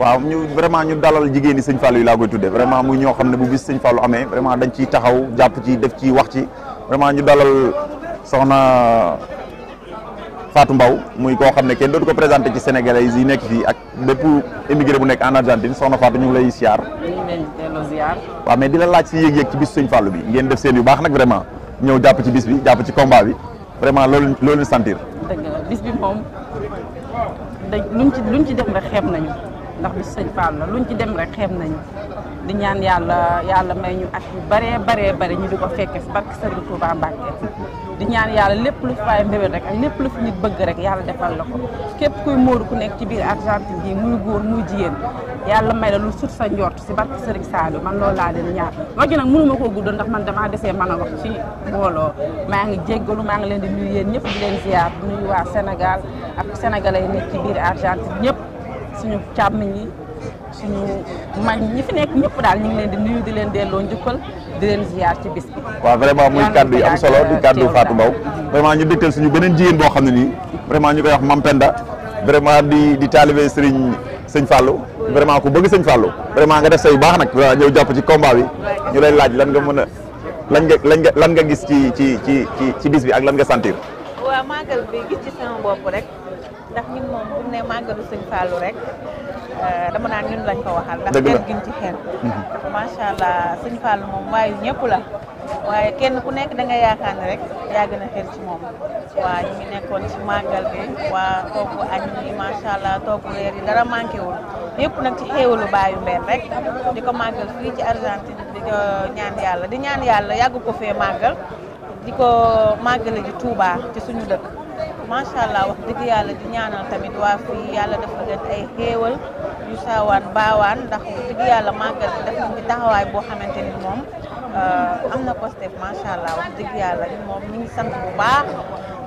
waaw ñu vraiment ñu dalal jigéen ñi sëñ Fallou yi laa koy tuddee vraiment muy ñoo xam ne bu bis sëñ Fallou amee vraiment dañ ciy taxaw jàpp ci def ci wax ci vraiment ñu dalal soxna Fatou Mbaw muy koo xam ne kenn dootu ko présenté ci sénégalais yi nekk fii ak bépp émigré bu nekk en Argentine soxna Fatou ñu ngi lay siyaar. waaw mais di la laaj si yëg-yëg ci bis sëñ Fallou bi ngeen def seen yu baax nag vraiment ñëw jàpp ci bis bi jàpp ci combat bi vraiment loolu loolu sentir. dëgg la ci ndax bi sëñ Fall la luñ ci dem rek xeem nañu di ñaan yàlla yàlla may ñu at yu baree baree bari ñu di ko fekke si barke sëriñ Touba Mbacke di ñaan yàlla lépp lu fi fay mbébét rek ak lépp lu fi nit bëgg rek yàlla defal la ko képp kuy móodu ku nekk ci biir Argentine bi muy góor muy jigéen yàlla may la lu sut sa njort si barke sëriñ saalu man loolu laa leen ñaar wax ji nag mënu ma koo guddal ndax man damaa desee mën a wax ci mbooloo maa ngi jéggalu maa leen di yéen ñëpp di leen ziar waa Sénégal ak sénégalais yi nekk ci biir Argentine ñëpp suñu càmmiñ yi suñu mag ñi fi nekk ñëpp daal ñu leen di nuyu di leen delloo njukkal di leen ziar ci bis bi. waaw vraiment muy kàddu yu am solo di kàddu Fatou Mbow. vraiment ñu dégtal suñu beneen jigéen boo xam ne nii vraiment ñu koy wax Mame Penda vraiment di di taalibe Serigne Sëñ Fallou vraiment ku bëgg Sëñ Fallou vraiment nga def say baax nag vraiment ñëw jàpp ci combat bi ñu lay laaj lan nga mën a lan nga lañ nga lan nga gis ci ci ci ci bis bi ak lan nga sentir. ndax ñun moom bu ne màggalu sëñ Fallou rek euh, dama naan ñun lañ ko waxal. ndax xel giñ ci xel. Mhm. macha allah sëñ Fallou moom waayu ñëpp la waaye kenn ku nekk da nga yaakaar ne rek yàgg na xel ci moom. waa ñu ngi nekkoon ci màggal bi waa toggu añ yi macha allah toog reer yi dara manqué wul lépp nag ci xéewalu baayu mbeen rek di ko màggal fii ci Argentine di ko ñaan yàlla di ñaan yàlla yàgg ko fee màggal di ko màggale ji Touba ci suñu dëkk. macha allah wax dëgg yàlla di ñaanal tamit waa fii yàlla dafa leen ay xéewal yu saawaan baawaan ndax wax dëgg yàlla màggal bi def ci taxawaay boo xamante ni moom euh, am na Pastef macha allah wax dëgg yàlla moom ñu ngi sant bu baax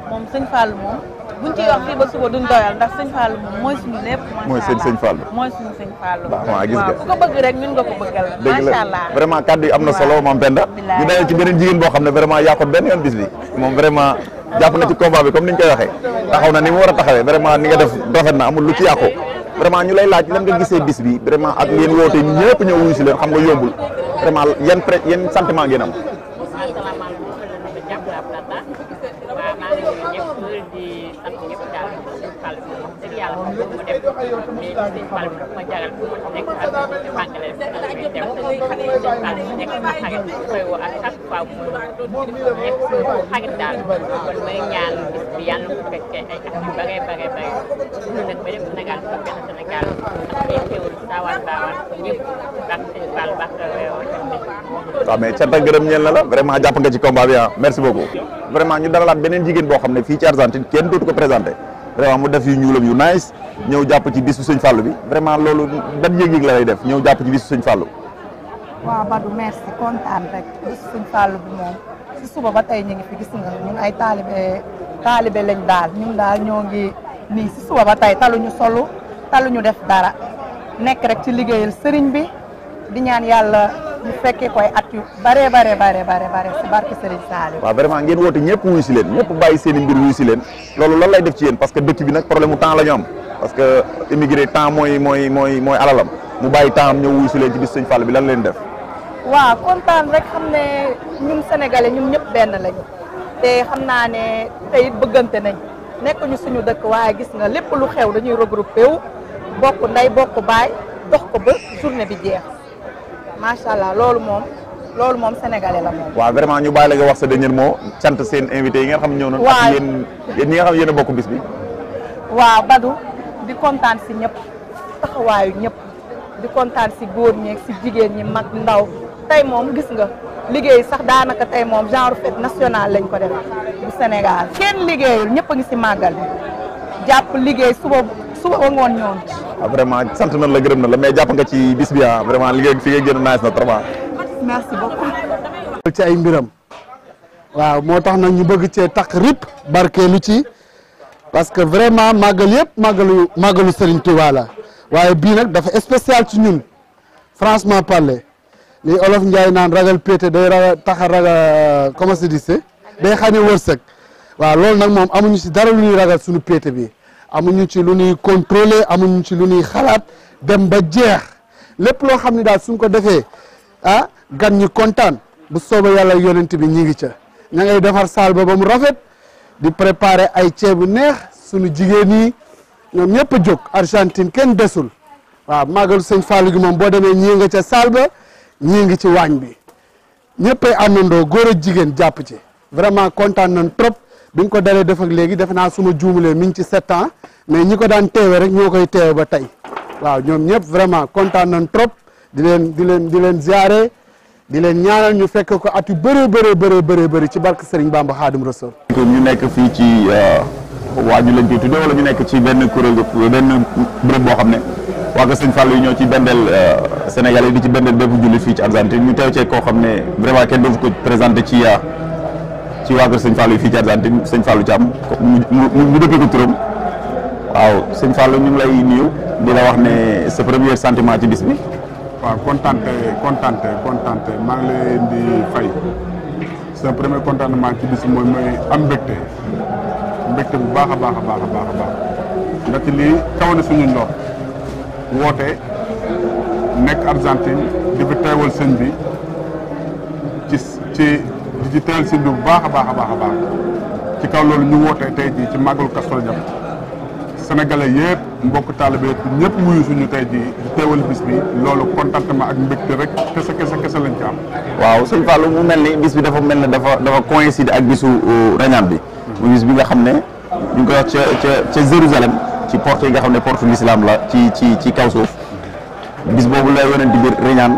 moom sëñ Fall moom. buñ ciy wax fii ba suba duñ doyal ndax sëñ Fallou moom mooy suñu lépp. mooy sëñ Fallou mooy suñu sëñ Fallou. waaw gis nga kàddu yi am na solo moom Penda. ñu dajal ci beneen jigéen boo xam ne vraiment yaa ko jàpp na ci combat bi comme ni ñu koy taxaw na ni mu war a taxawee vraiment ni nga def rafet na amul lu ci yàqu vraiment ñu lay laaj lan nga gisee bis bi vraiment ak ngeen woote ñëpp ñëw wuyu si leen xam nga yombul vraiment yan yan sentiment ngeen am ma jaral ko nekk anglais nekk sama xarit koy woo ak chaque fois mu nekk sama xarit daal kon may ñaan bis bi yàlla mu fekkee ay at yu bare bare bare dund nag ba dem Sénégal ba benn Sénégal ak ay xéwal saawaan baawaan ñëpp baax sëñ Fall baax waaw mais cant ak gërëm ñeel na la vraiment jàpp nga ci combat bi ah merci beaucoup vraiment ñu dalalaat beneen jigéen boo xam ne fii ci Argentine kenn dootu ko présenté vraiment mu def yu ñuulam yu nice ñëw jàpp ci bisu sëñ Fallou bi vraiment loolu ban yëg-yëg la lay def ñëw jàpp ci bisu sëñ Fallou. waaw Badou merci kontaan rek bisu sëñ Fallou bi moom si suba ba tey ñu ngi fi gis nga ñun ay taalibe taalibe lañ daal ñun daal ñoo ngi nii si suba ba tey taluñu solu ñu def dara nekk rek ci liggéeyal sëriñ bi di ñaan yàlla. ñu fekkee koy at yu bare bare bare bare bare si barke Serigne Saliou ngeen woote ñëpp wuyu si leen ñëpp bàyyi seen i mbir wuyu si leen loolu lan lay def ci yéen parce que dëkk bi nag problème mu temps la am parce que immigré temps mooy mooy mooy mooy alalam mu bàyyi temps am ñëw wuyu si leen ci bis Serigne Fall bi lan leen def waaw kontaan rek xam ne ñun sénégalais ñun ñëpp benn lañu te xam naa ne tey bëggante nañ nekk ñu suñu dëkk waaye gis nga lépp lu xew dañuy regroupé wu bokk nday bokk dox ko macha allah loolu moom loolu moom sénégalais la moom. waaw vraiment ñu bàyyi la nga wax sa dernier moo sant seen invité yi nga xam ñëw nañu. waaw ak yéen yéen ñi nga xam yéen bokk bis bi. waaw Badou di kontaan si ñëpp taxawaayu ñëpp di kontaan si góor ñeeg si jigéen ñi mag ndaw tey moom gis nga liggéey sax daanaka tey moom genre fête nationale lañ ko def bu Sénégal kenn liggéeyul ñëpp ngi si màggal jàpp liggéey suba. suba ba ngoon ñoon ah, vraiment sant nañ la gërëm na la mais jàpp nga ci bis ah vraiment li nga fi nga génn nice na trop ah. merci ci ay mbiram waaw moo tax nag ñu bëgg cee takk rip barkeelu ci parce que vraiment màggal yëpp màggalu màggalu Serigne Touba la waaye bii nag dafa spécial ci ñun franchement parler li olof Njaay naan ragal pété day ra tax a ragal euh, comment se dit day xane wërsëg waaw loolu nag moom amuñu si dara lu ñuy ragal suñu pété bi amuñu ci lu ñuy contrôler amuñu ci lu ñuy xalaat dem ba jeex lépp loo xam ne daal suñ ko defee ah gan ñi kontaan bu soobee yàlla yonent bi ñi ngi ca ña ngay defar salba ba mu rafet di préparer ay ceebu neex suñu jigéen yi ñoom ñëpp jóg Argentine kenn desul waaw màggalu sëñ Fallou moom boo demee ñii nga ca salba ba ngi ci waañ bi ñëppay àndandoo góor ak jigéen jàpp ci vraiment kontaan nañ trop. biñ ko dalee def ak léegi defe naa suma juumulee mi ngi ci sept ans mais ñi ko daan teewe rek ñoo koy teewe ba tey waaw ñoom ñëpp vraiment kontaan nañ trop di leen di leen di leen ziare di leen ñaanal ñu fekk ko at yu bëree bëree bëree bëree bëri ci barke Serigne Bamba Xaadim Rasul ñu nekk fii ci euh, waaju lañ koy tuddee wala ñu nekk ci benn kuréel benn béréb boo xam ne waa ko Serigne Fallou yi ñoo ci bendel euh, Sénégal yi di ci bendel bépp jullit fii ci Argentine ñu teew cee ko xam ne vraiment kenn dootu ko présenté ci euh, ci waa kër sëñ Fallou yi fii ci Argentine sëñ Fallou Thiam mu dëppee ko turam waaw sëñ Fallou ñu lay nuyu di la wax ne sa premier sentiment ci bis bi. waaw kontante kontante kontante maa ngi leen di fay sa premier contentement ci bis mooy mooy am mbégte mbégte bu baax a baax a baax a baax a baax ndaxte lii kaw na suñu ndox woote nekk Argentine di teewal sëñ bi ci ci. di ci teel seen bu baax a baax a baax a baax ci kaw loolu ñu woote tey jii ci màggalu Kazu Rajab sénégalais yëpp mbokk taalibe ñëpp wuyu suñu tey jii di teewal bis bi loolu contentement ak mbégte rek kese kese kese lañ ci am. waaw sëñ Fallou mu mel ni bis bi dafa mel ne dafa dafa coïncide ak bisu euh, rañaan bi. mu bis bi nga xam ne ñu ngi koy wax ca ca ca Jérusalem ci porte yi nga xam ne porte l'islam la ci ci ci kaw suuf bis boobu la yonent bi rañaan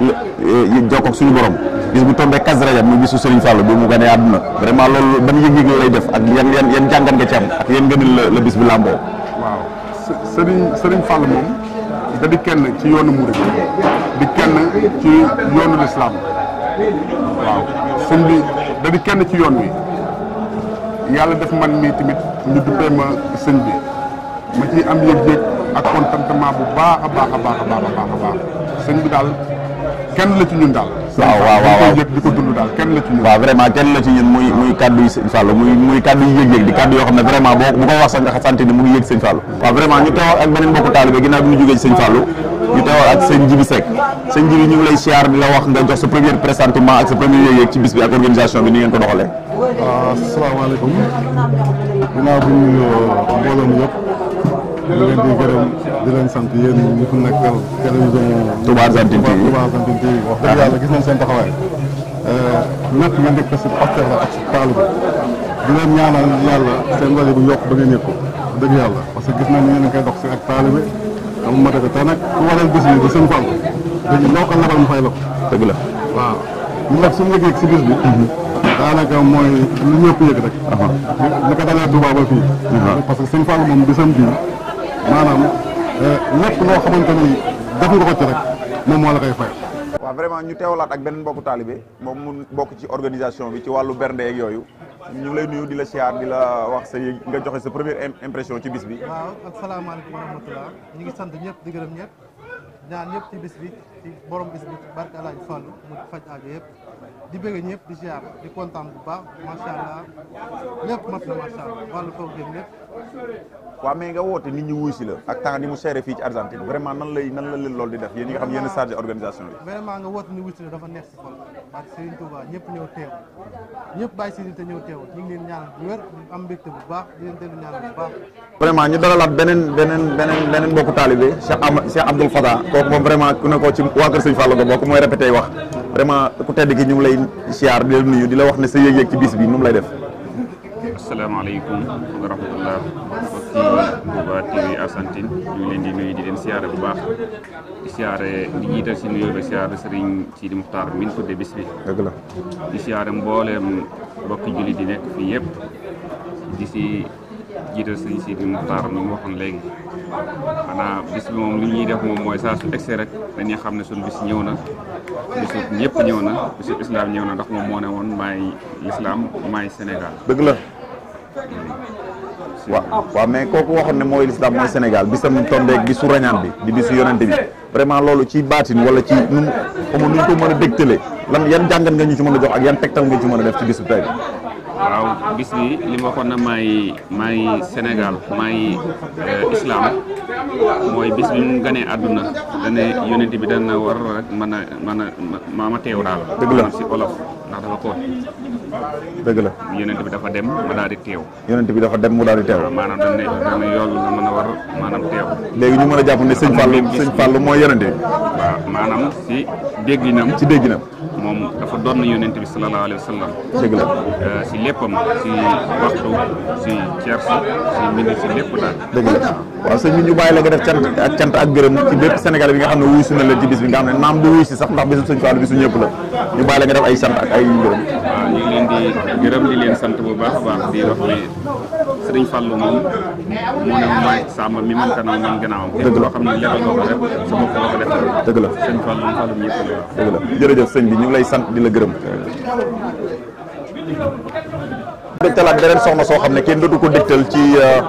euh, jokk ak suñu borom. bis bu tombé Kazu Rajab muy bisu Serigne Fallou bi mu gënee àdduna vraiment loolu ban yëg-yëg la lay def ak yan yan yan jàngat nga ci am ak yan ngënil la la bis bi làmboo. di kenn ci yoonu murid di kenn ci yoonu bi da kenn ci yoon wi yàlla def man mii tamit ñu duppee ma bi ma ciy am yëg-yëg ak contentement bu baax a baax a baax baax baax sëñ bi daal kenn la ci ñun daal. waaw waaw waaw yëg di ko dund daal kenn la ci waaw vraiment kenn la ci ñun muy muy kaddu yi sëñ muy muy kaddu yi di kaddu yoo xam ne vraiment boo bu ko wax sax nga sant ni mu ngi yëg sëñ Fallou waaw vraiment ñu teewal ak beneen mbokku taalibe ginnaaw bi ñu jógee ci sëñ ñu teewal ak sëñ Jibi Seck sëñ Jibi ñu lay siyaar di la wax nga jox sa premier présentement ak sa premier yëg ci bis bi ak organisation bi ni ngeen ko doxalee di leen di gërëm di leen sant yéen ñi fi nekkal télévision Touba Argentine TV Touba Argentine TV wax dëgg yàlla gis nañ seen taxawaay euh, lépp nga nekk si la seen rajo bu yokk ba ngeen yëg ko dëgg yàlla parce que gis nañ ñu ne koy dox si ak taalu bi am ma dëgg te nag ku waral bis bi di seen fàll dañu loo ko labal mu fay la dëgg la waaw ñu nag suñu yëg si bis bi mhm. daanaka mooy lu ñëpp yëg rek li ko dalee Touba ba fii parce que seen fàll moom bisam bii maanaam euh, lépp loo xamante ni def nga ko ci rek moom moo la koy fayal. waaw vraiment ñu teewlaat ak beneen mbokku taalibe moom mu bokk ci organisation bi ci wàllu bernde yooyu ñu lay nuyu di la siyaar di la wax sa nga joxe sa première impression ci bis bi. waaw asalaamaaleykum wa rahmatulah ñu ngi sant ñëpp di gërëm ñëpp ñaan ñëpp ci bis bi ci borom bis bi ci barke Alaaji Fallu mu faj aajo yëpp. di bëgg ñëpp di ziar di kontaan bu baax macha allah lépp mat na macha allah wàllu foog nga woote nit ñi si la ak temps ni mu seere fii ci Argentine vraiment nan lay nan la leen loolu di def yéen nga xam yéen a chargé bi. vraiment nga woote ni wuy si la dafa neex si xol parce si te ñëw teew ñu ngi leen ñaanal bu wér am mbégte bu baax di ñu dalalaat beneen beneen beneen beneen mbokku taalibe Cheikh Ama Cheikh Abdoul Fatah kooku moom vraiment ku nekkoo ci waa Kër Sëñ Fall ko bokk mooy répété wax vraiment ku tedd gi ñu ngi lay siyaar di la di la wax ne sa yëg-yëg ci bis bi nu lay def. asalaamaaleykum wa rahmatullah mbokki Touba TV Argentine ñu leen di nuyu di leen siyaare bu baax di siyaare di jiital si nuyoo bi siyaare Serigne Sidi Muxtaar min tudde bis bi. dëgg la di siyaare mbooleem mbokki julli di nekk fii yëpp di si jiital Serigne Sidi Muxtaar mi mu waxoon léegi. xanaa bis moom li ñuy def moom mooy saa su egsee rek dañuy xam ne suñu bis ñëw na bisu ñëpp ñëw na bisu islam ñëw na ndax moom moo ne woon maay l'islam maay Sénégal. dëgg la. Hmm. waaw waa mais kooku waxoon ne mooy l'islam mooy Sénégal bisam tombeeg bisu rañaan bi di bisu yonante bi vraiment loolu ci baatin wala ci nu mu xamul nu mën a dégtalee lan yan jàngat nga ñu ci mën a jox ak yan tegtal nga ci mën a def ci bisu tey bis bi li ma waxoon na maay maay Sénégal maay euh, islam mooy bis bi mu ganee àdduna dane yonent bi dana war rek mën a mën a maama teew daal dëgg la si olof ndax dafa ko dëgg la yonent bi dafa dem ma daal di teew yonent bi dafa dem mu daal di teew maanaam dañ ne dana yool nga a war maanaam teew léegi ñu mën a jàpp ne sëñ Fallou sëñ Fallou mooy yonent bi waaw maanaam si dégginam si dégginam doon na yonent bi sallallahu alayhi wa sallam. dëgg la euh, si léppam si waxtu si cerso si mbindi si lépp daal. dëgg la waaw sëñ bi ñu bàyyi la nga def cant ak cant ak gërëm ci bépp Sénégal bi nga xam ne wuyu si na la ci bis bi nga xam ne naam du wuyu si sax ndax bi su Fallu bisu la ñu bàyyi la nga def ay sant ak ay gërëm. waaw ñu leen di gërëm di leen sant bu baax a baax di wax ne. Serigne Fallou moom moo ne dëgg la xam ne lebal nga ko rek la sëñ dëgg la jërëjëf sëñ bi ñu ngi lay sant di la gërëm. dégtalaat beneen soxna soo xam ne kenn dootu ko dégtal ci euh,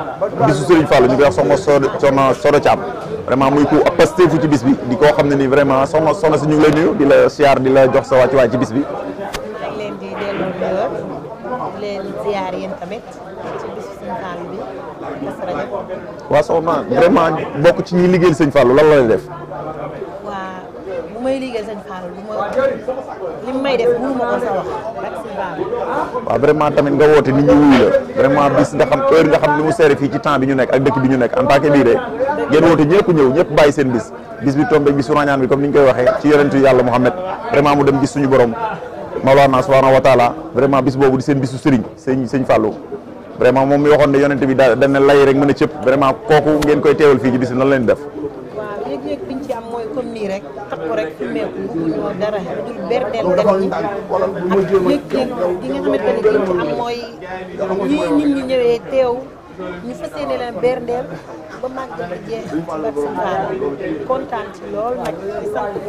bisu Serigne Fallou ñu koy wax soxna soxna Soda Thiam vraiment muy ku pasté fu ci bis bi di koo xam ne ni vraiment soxna soxna si ñu ngi lay nuyu di la siyaar di la jox sa wàccuwaay ci bis bi waa soo soxna vraiment bokk ci ñi liggéeyal sëñ Fallou lan la leen def. waaw bu may liggéeyal sëñ Fallou lu ma li may def mënu ma ko sa wax tamit nga woote nit ñi wuyu la vraiment bis nga xam heure nga xam ni mu seere fii ci temps bi ñu nekk ak dëkk bi ñu nekk en que bii de woote ñëpp ñëw ñëpp bàyyi seen bis bis bi tombé bisu bi comme ni ñu koy waxee ci yonentu yàlla Muhammad vraiment mu dem gis suñu borom Mawlana subhanahu wa taala vraiment bis boobu di seen bisu sëriñ sëñ sëñ Fallou. vraiment moom mi waxoon ne yonent bi daal dañ ne lay rek mën a cëpp vraiment kooku ngeen koy teewal fii ci bis nan leen def. waaw yëg-yëg ci am mooy fi meeku ñoo dara dul berndeel def ñi ak yëg-yëg am mooy ñii nit ñi ñëwee teew ñu fas yéene leen berndeel ba màggal di jeex ci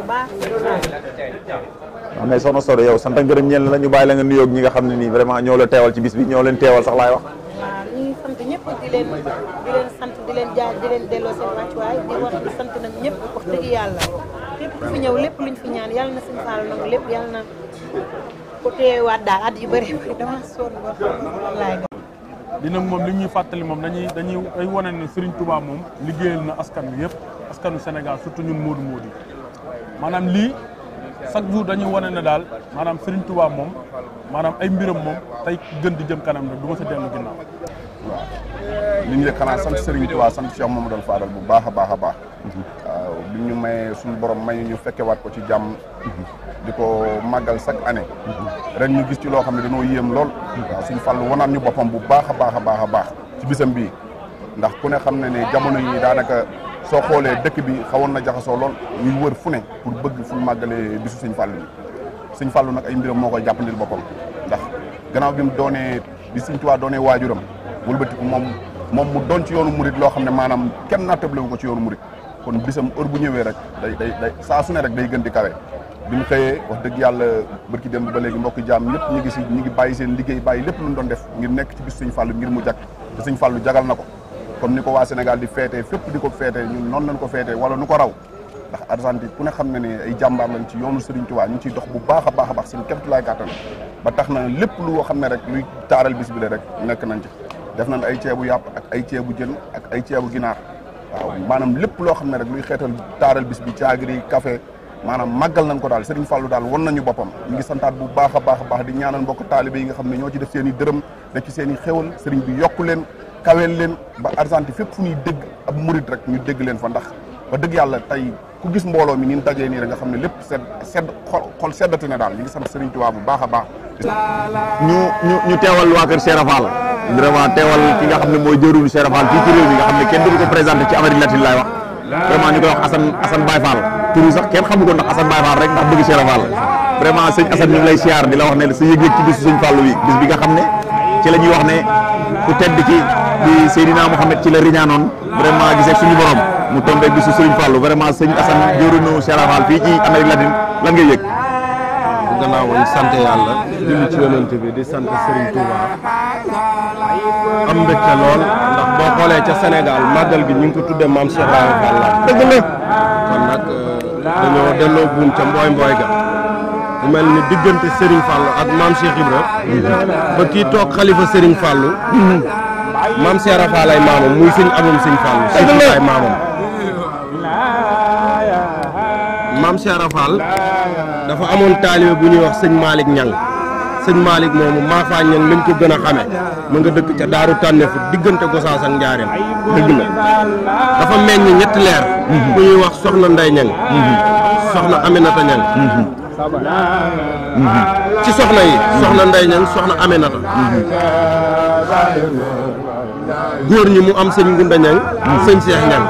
Barça Mbaye ñeen la bàyyi la nga nuyoog ñi nga xam ne nii vraiment ñoo la teewal ci bis bi ñoo leen teewal sax laay wax. di leen di fi ñëw at yu bëri dama dina moom li ñuy fàttali moom dañuy dañuy day wane ne Serigne moom liggéeyal na askan wi yëpp askanu Sénégal surtout ñun Modou Modou maanaam lii chaque jour dañuy wane ne daal maanaam sëriñ tubaa moom maanaam ay mbiram moom tey gën di jëm kanam nag duma ma sa dellu ginnaaw li ñu yëg xanaa sant Serigne Touba sant Cheikh Mamadou Fadal bu baax a baax a baax waaw bi ñu mayee suñu borom may ñu waat ko ci jàmm di ko màggal chaque année ren ñu gis ci loo xam ne dañoo yéem lool waaw suñu fàllu wanaat ñu boppam bu baax a baax a baax a baax ci bisam bii ndax ku ne xam ne ne jamono yi daanaka soo xoolee dëkk bi xawoon na jaxasoo lool ñuy wër fu ne pour bëgg fu màggalee bisu suñ fal bi suñ fàllu nag ay mbiram moo koy jàppandil boppam ndax ganaaw bi mu doonee bi suñ tuwaa doonee waajuram wëlbatiku moom moom mu doon ci yoonu murit loo xam ne maanaam kenn nattable wu ko ci yoonu murit kon bisam heure bu ñëwee rek day day day saa su ne rek day gën di kawee bi mu xëyee wax dëgg yàlla barki démb ba léegi mbokki jaam ñëpp ñi ngi si ñi ngi bàyyi seen liggéey bàyyi lépp lu ñu doon def ngir nekk ci bis suñ fàllu ngir mu jag te suñ fàllu jagal na ko comme ni ko waa Sénégal di feetee fépp di ko feetee ñun noonu lañ ko feetee wala nu ko raw ndax Argentine ku ne xam ne ni ay jàmbaar lañ ci yoonu Serigne Touba ñu ciy dox bu baax a baax a baax seen kémtulaay gàttan ba tax na lépp lu woo xam ne rek luy taaral bis rek nekk nañ ci def nañ ay ceebu yàpp ak ay ceebu jën ak ay ceebu ginaar waaw maanaam lépp loo xam ne rek luy xeetal taaral bis bi caagiri café maanaam màggal nañ ko daal Serigne Fallou daal won nañu boppam ñu ngi santaat bu baax baax a di ñaanal mbokk taalibe yi nga xam ne ñoo i dërëm def ci seen i xéwal Serigne bi yokku leen kaweel leen ba Argentine fépp fu ñuy dégg ab murit rek ñu dégg leen fa ndax ba dëgg yàlla tey ku gis mbooloo mi ni dajee nii rek nga xam ne lépp sedd sedd xol xol seddati na daal ñu ngi sant Serigne Touba bu baax a baax. ñu ñu ñu teewal waa kër Cheikh Fall vraiment teewal ki nga xam ne mooy jëruñu Cheikh Fall fii ci réew mi nga xam ne kenn du ko présenté ci Amérique latine laay wax vraiment ñu koy wax Assane Assane Baye Fall tur yi sax kenn xamu ko ndax Assane Baye Fall rek ndax bëgg Cheikh vraiment sëñ Assane ñu ngi lay siyaar di la wax ne sa yëg-yëg ci bisu sëñ Fallu bi bis bi nga xam ne ci la ñuy wax ne ku tedd ki di Seydina Mouhamed ci la riñaanoon vraiment gisee suñu borom mu tombé bisu sëñ Fallu vraiment sëñ Assane jëruñu Cheikh Fall fii ci Amérique sant yàlla julli ci yonent bi di sant Serigne am mbégte lool ndax boo xoolee ca Sénégal màggal gi ñu ngi ko tuddee maam Cheikh Ibrahima la dëgg la kon nag euh, dañoo delloo buum ca mbooy mbooy ga mu mel ni diggante Serigne Fall ak maam Cheikh Ibrahima mm-hmm. toog xalifa Serigne Fall mm-hmm. maam Cheikh Ibra Fall ay maamam muy sëñ abum sëñ Fall dëgg ay maamam maam Cheikh dafa amoon taalibe bu ñuy wax sëñ Malick Niang sëñ Malick moomu maafaañ leen lañ ko gën a xamee mu nga dëkk ca daaru tànneefu diggante Gosaas ak Njaareem dëgg la dafa meññ ñetti leer ku ñuy wax soxna Ndey Ñang soxna Aminata Ñang soxna yi soxna Ndey Ñang soxna Aminata góor ñi mu am sëñ Ngunda Ñang sëñ Seex Ñang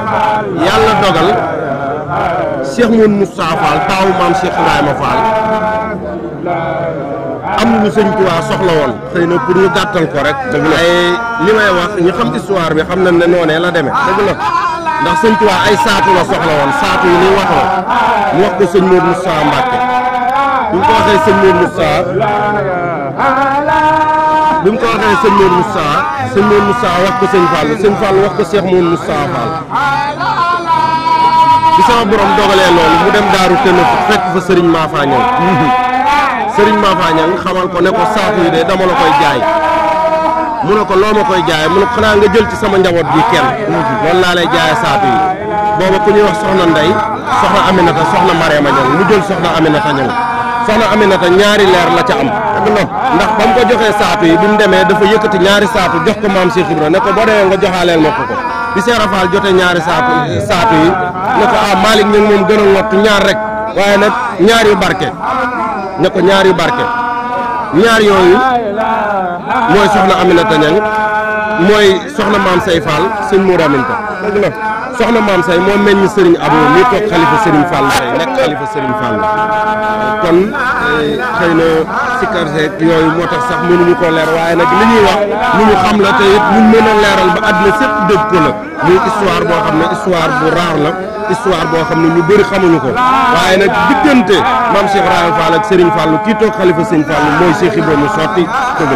yàlla dogal Cheikh Moun Moustapha Fall taawu maam Cheikh Ibrahima Fall am na sëñ Tuubaa soxla woon xëy na pour ñu gàttal ko rek ay li may wax ñu xam histoire bi xam ne noonee la demee dëgg la ndax sëñ Tuubaa ay saatu la soxla woon saatu yi ni waxoon mu wax ko sëñ Modou Moussa Mbacke bi mu ko sëñ Modou Moussa bi mu ko sëñ Modou Moussa sëñ Modou Moussa wax ko sëñ Fall sëñ Fall wax ko Cheikh Modou borom dogalee loolu mu dem daaru te fekk fa sëriñ Mafa ñëw mm-hmm. Serigne Mafa Niang xamal ko ne ko saako yi de dama la koy jaay mu ne ko loo ma koy jaay mu ne ko xanaa nga jël ci sama njaboot bi kenn loolu laa lay jaayee saako yi booba ku ñuy wax soxna Ndey soxna Aminata soxna Mariama Niang mu jël soxna Aminata Niang soxna Aminata ñaari leer la ca am ndax ba mu ko joxee saatu yi bi mu demee dafa yëkkati ñaari saatu jox ko maam Cheikh Ibra ne ko boo demee nga ma ko ko bi Cheikh Rafal jotee ñaari saatu saatu yi ne ko ah Malick ñoom moom gën a ngott ñaar rek waaye nag ñaar barke ne ko ñaari barke ñaar yooyu mooy soxna Aminata Niang mooy soxna maam say Fall sëñ Mour Aminta soxna maam say moo meññ Serigne Abo mi toog xalifa Serigne Fall tey nekk xalifa Serigne Fall kon eh, xëy na sikkar seeg yooyu moo tax sax mënuñu ko leer waaye nag li ñuy wax lu ñu xam la te it mën a leeral ba àdduna sépp dégg ko la muy histoire boo xam ne histoire bu raar la histoire boo xam ne ñu bëri xamuñu ko waaye nag diggante maam Cheikh Rahane Fall ak Serigne Fallou kii toog xalifa sëñ Fallou mooy Cheikh Ibrahima sotti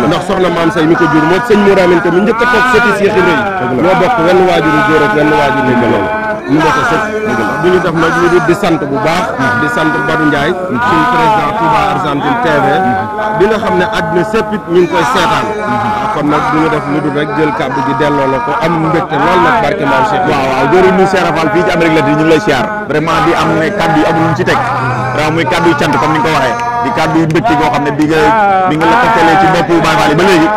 ndax soxna maam say mi ko jur moo sëñ Mouramin ko mi njëkk a toog sotti Cheikh Ibrahima ñoo bokk wenn waajuru góor ak wenn waajuru loolu lu ma ko sëkk ñu def nag ñu di sant bu baax mm-hmm. di sant Badou Ndiaye ci mm-hmm. président Touba Argentine TV mm-hmm. bi nga xam ne àddina séppit ñu ngi koy seetaan kon nag du def lu dul rek jël kàddu gi delloo la ko am mbégte lool nag barke maam Cheikh waaw waaw jëriñ ñu seerafal fii ci Amérique latine ñu ngi lay siyaar vraiment di am ne kàddu yi amul ñu ci teg raw muy kàddu cant comme ni nga ko waxee di kàddu mbégte goo xam ne bi nga bi nga la ci bopp Baye Fall yi ba léegi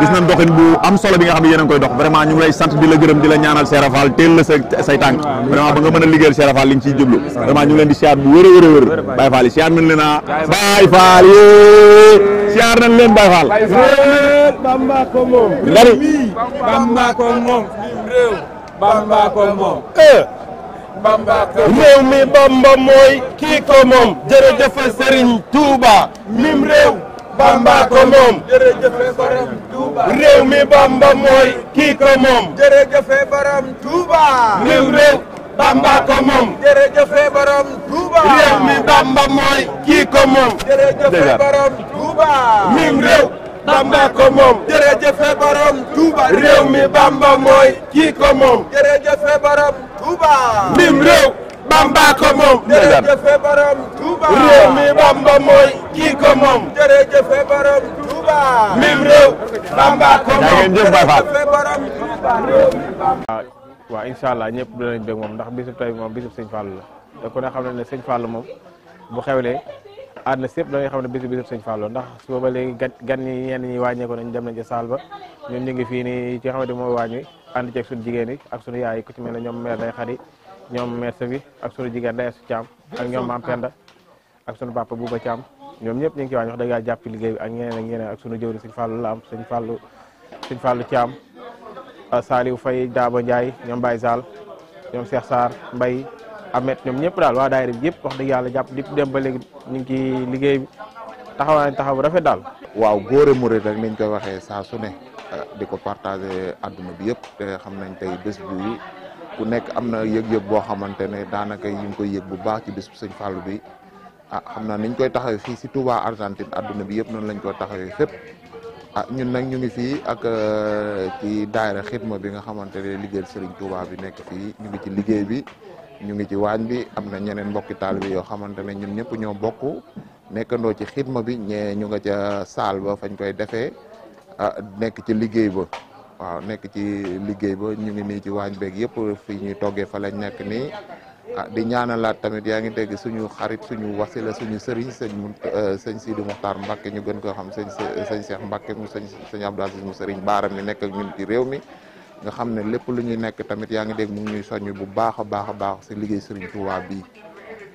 gis nañ doxin bu am solo bi nga xam ne yéen a koy dox vraiment ñu ngi lay sant di la gërëm di la ñaanal Serap Fall teel la sa say tànk vraiment ba nga mën a liggéeyal Serap Fall li nga jublu vraiment ñu ngi leen di siyaar bu wér a wér a wér Baye Fall yi siyaar nañ leen a Baye Fall yee siyaar nañ leen Baye Fall Bamba ko moom moom réew Bamba moom eh! réew mi Bamba mooy kii ko moom jërëjëf Serigne mi Bamba mooy kii ko Bamba mim réew Bamba ko moom jërëjëf borom Touba réew mi Bamba mooy ah, ñëpp danañ bëgg moom ndax bisub tey moom bisub sëñ Fallou la te ku ne xam ne ne sëñ Fallou moom bu xewlee àdduna sépp da ngay xam ne bisu bisu sëñ Fallou ndax su booba léegi gan gan ñi ñenn ñi wàññeeku nañ dem nañ ca saal ba ñun ñu ngi fii nii ci xamante moo wàññi ànd ceeg suñu jigéen yi ak suñu yaay ku ci mel ne ñoom mère day xari ñoom mère Safi ak suñu jigéen day su Thiam ak ñoom maam Penda ak suñu papa Bouba Thiam ñoom ñëpp ñu ngi ci waañ wax dëgg yàlla jàpp ci liggéey bi ak ñeneen ak ñeneen ak suñu jëwri suñ fàllu laam suñ fàllu suñ fàllu Thiam Saliou Faye Daaba Ndiaye ñoom Baye Sall ñoom seex Cheikh Sarr Mbaye Amet ñoom ñëpp daal waa daayira bi yëpp wax dëgg yàlla jàpp lépp dem ba léegi ñu ngi ci liggéey bi taxawaay taxaw bu rafet daal waaw góore murit rek niñ koy waxee saa su ne Ah, di ko partagé àdduna bi yëpp xam nañ tey bés bu ku nekk am na yëg-yëg boo xamante ne daanaka yi koy yëg bu baax ci bés bu sëñ Fallou bi ah xam naa niñ koy taxawee fii si Touba Argentine àdduna bi yëpp noonu lañ koy taxawee fépp ah ñun nag ñu ngi fii ak euh, ci daayira xidma bi nga xamante ne liggéeyal Serigne Touba bi nekk fii ñu ngi ci liggéey bi ñu ngi ci waañ bi am na ñeneen mbokki taalibe yoo xamante ne ñun ñëpp ñoo bokk nekkandoo ci xidma bi ñee ñu nga ca saal ba fañ koy defee ah nekk ci liggéey ba waaw nekk ci liggéey ba ñu ngi nii ci waañ beeg yëpp fii ñuy toggee fa lañ nekk nii ah di ñaanalaat tamit yaa ngi dégg suñu xarit suñu wasila suñu sëriñ sëñ mu eh, sëñ Sidi Muxtaar Mbacke ñu gën koo xam sëñ sëñ Cheikh Mbacke mu sëñ sëñ Abdou Aziz mu sëriñ baaram mi nekk ak ñun ci réew mi nga xam ne lépp lu ñu nekk tamit yaa ngi dégg mu ngi ñuy soññ bu baax a baax a baax si liggéey sëriñ Touba bi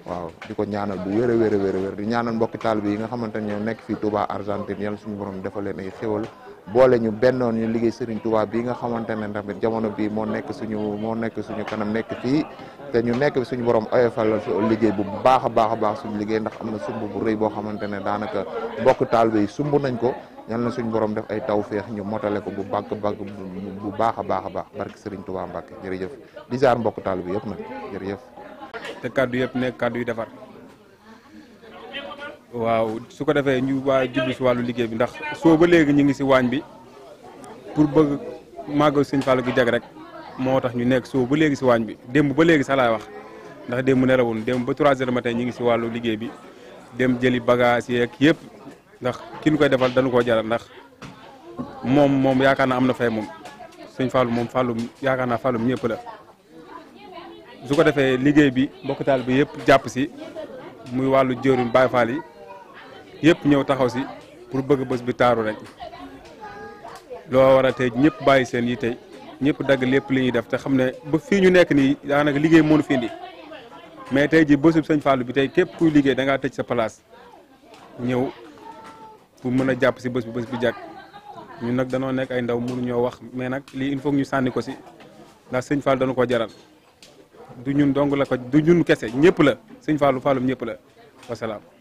waaw di ko ñaanal bu wér a wér a wér di ñaanal mbokki taalibe yi nga xamante ne ñoo nekk fi Touba Argentine yàlla suñu borom defal leen ay boole ñu bennoon ñu liggéey Serigne Touba bi nga xamante ne tamit jamono bii moo nekk suñu moo nekk suñu kanam nekk fii te ñu nekk suñu borom oyofal liggéey bu baax a baax a baax suñu liggéey ndax am na sumb bu rëy boo xamante ne daanaka mbokk taal yi sumb nañ ko ñal na suñu borom def ay tawféex ñu motale ko bu bàgg bàgg bu baax a baax a baax barke Serigne Touba Mbacke jërëjëf di jaar mbokk taalibe yëpp nag jërëjëf. te kaddu yëpp nekk kaddu yu defar. waaw su ko defee ñu waa jublu si wàllu liggéey bi ndax soo ba léegi ñu ngi si waañ bi pour bëgg màggal sëñ Fallou gi jeg rek moo tax ñu nekk soo ba léegi si waañ bi démb ba léegi sax laay wax ndax démb nelawul dem ba 3 heures matin ñu ngi si wàllu liggéey bi dem jëli bagage yeeg yëpp ndax ki nu koy defal dañu koo jaral ndax moom moom yaakaar naa am na fay moom sëñ Fallou moom Fallou yaakaar naa Fallou ñëpp la su ko defee liggéey bi mbokk taal bi yëpp jàpp si muy wàllu jëriñ Baye yi yëpp ñëw taxaw si pour bëgg bës bi taaru rek loo war a tey ñëpp bàyyi seen yi tey ñëpp dagg lépp li ñuy def te xam ne ba fii ñu nekk nii daanaka liggéey mënu fi indi mais tey ji bésub sëñ Fallou bi tey képp kuy liggéey da tey sa place ñëw pour mën a jàpp si bés bi bés bi jàkk ñun nag danoo nekk ay ndaw ñoo wax mais nag lii il faut ñu sànni ko si ndax sëñ Fallou dana ko jaral du ñun dong la ko du ñun kese ñëpp la sëñ Fallou Fallum ñëpp la wasalaam